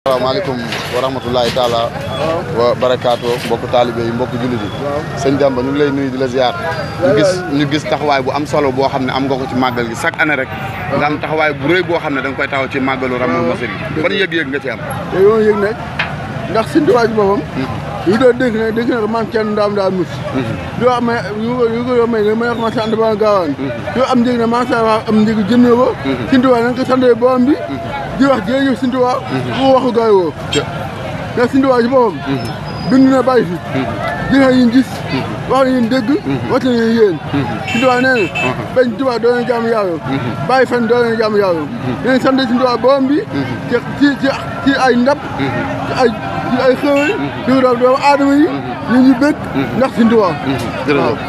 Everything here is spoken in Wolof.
asalaamaaleykum wa rahmatulahi taala wa barakaatu mbokku taalibe yi mbokku jullit yi sëñ Demba ñu ngi lay nuyu di la ziar ñu gis ñu gis taxawaay bu am solo boo xam ne am nga ko ci màggal gi chaque année rek nga am taxawaay bu rëy boo xam ne da koy taxaw ci màggalu Ramatoul Massary yi ban yëg-yëg nga ci am te yëg ne ndax sëñ Tuubaa ci boppam yu hmm. doo dégg ne dégg na man kenn ndaam daa mus yoo am yu ko yoo may ne may commencé ànd ba am njëg ne maa sa am njëg jënd na ko hmm. sëñ Tuubaa na nga ko santee boom bi hmm. di wax jërëjëf Sëñ Tuubaa bu waxu gaay woo ndax Sëñ Tuubaa ci boppam bind na bàyyi fi jëfee yi ñu gis mhm. wax yi ñu dégg mhm. wax yi ñu yéen mhm. Sëñ Tuubaa nee na uh-huh. bañ Tuubaa doo leen jaamu yàlla bàyyi bi ci ci ay ndab ci ay ci ay xëwal di yi ñu ñu ndax Sëñ